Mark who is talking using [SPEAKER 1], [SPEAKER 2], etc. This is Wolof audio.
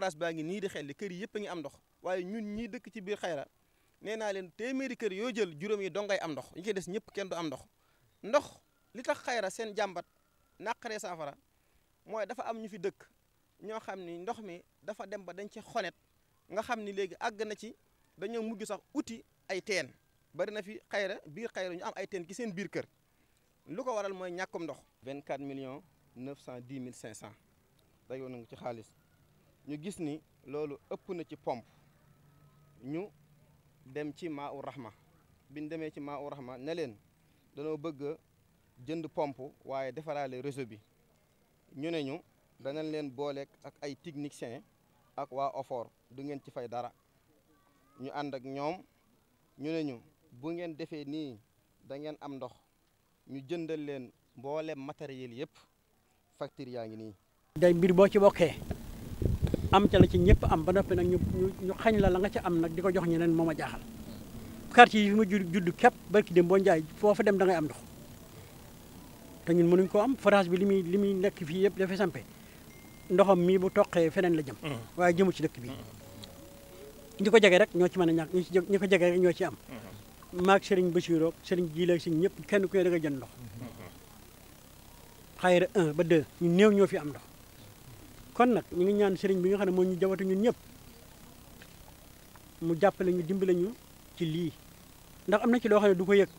[SPEAKER 1] forage baa ngi nii di xel li kër yëpp a ngi am ndox waaye ñun ñii dëkk ci biir xayra nee naa leen téeméeri kër yoo jël juróom yi dongay am ndox ñi ci des ñëpp kenn du ndox li tax xayra seen jàmbat naqaree saafara mooy dafa am ñu fi dëkk ñoo xam ni ndox mi dafa dem ba dañ ci xonet nga xam ni léegi àgg na ci dañoo mujj sax uti ay teen bari na fi xayra biir xayra ñu am ay teen ci seen biir kër lu ko waral mooy ñàkkum ndox. 24 millions 910 mille cent dayoon na ci xaalis. ñu gis ni loolu ëpp na ci pompe ñu dem ci maa u rahma demee ci maa u rahma ne leen danoo bëgg jënd pompe waaye defaraale réseau bi ñu ne ñu danañ leen booleeg ak ay techniciens ak waa OFOR du ngeen ci fay dara ñu ànd ak ñoom ñu ne ñu bu ngeen defee nii da ngeen am ndox ñu jëndal leen mboolem matériel yëpp facture yaa ngi nii.
[SPEAKER 2] day mbir boo ci bokkee.
[SPEAKER 1] am ca la ci ñëpp am ba noppi nag ñu ñu xañ la la nga ci am nag
[SPEAKER 2] di ko jox ñeneen moo ma jaaxal quartier yi fi ma judd képp barki dem boo njaay foofa dem da ngay am ndox te ñun mënuñ koo am forage bi li muy li muy nekk fii yëpp dafay sampe ndoxam mii bu toqee feneen la jëm mm. waaye jëmu ci dëkk bi mm. ñi jege rek ñoo ci mën a ñàkk ñi ko jege rek ñoo ci am mm-hmm. maag Serigne Bassirou Serigne Jilé ak Serigne ñëpp kenn ku ne da nga ndox mm-hmm. xayira ba 2 ñu néew ñoo fi am ndox kon nag ñu ngi ñaan sëriñ bi nga xam ne moo ñu jabatu ñun ñëpp mu jàppale ñu dimbale ñu ci lii ndax am na ci loo xam ne du ko yëg